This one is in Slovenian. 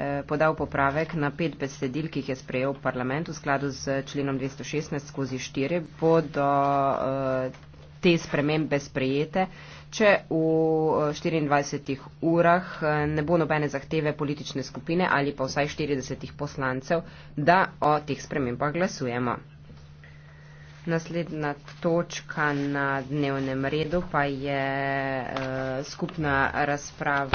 Eh, podal popravek na pet besedil, ki jih je sprejel parlament v skladu z členom 216 skozi 4. Bodo eh, te spremembe sprejete, če v 24 eh, urah ne bo nobene zahteve politične skupine ali pa vsaj 40 poslancev, da o teh spremembah glasujemo. Naslednja točka na dnevnem redu pa je uh, skupna razprava.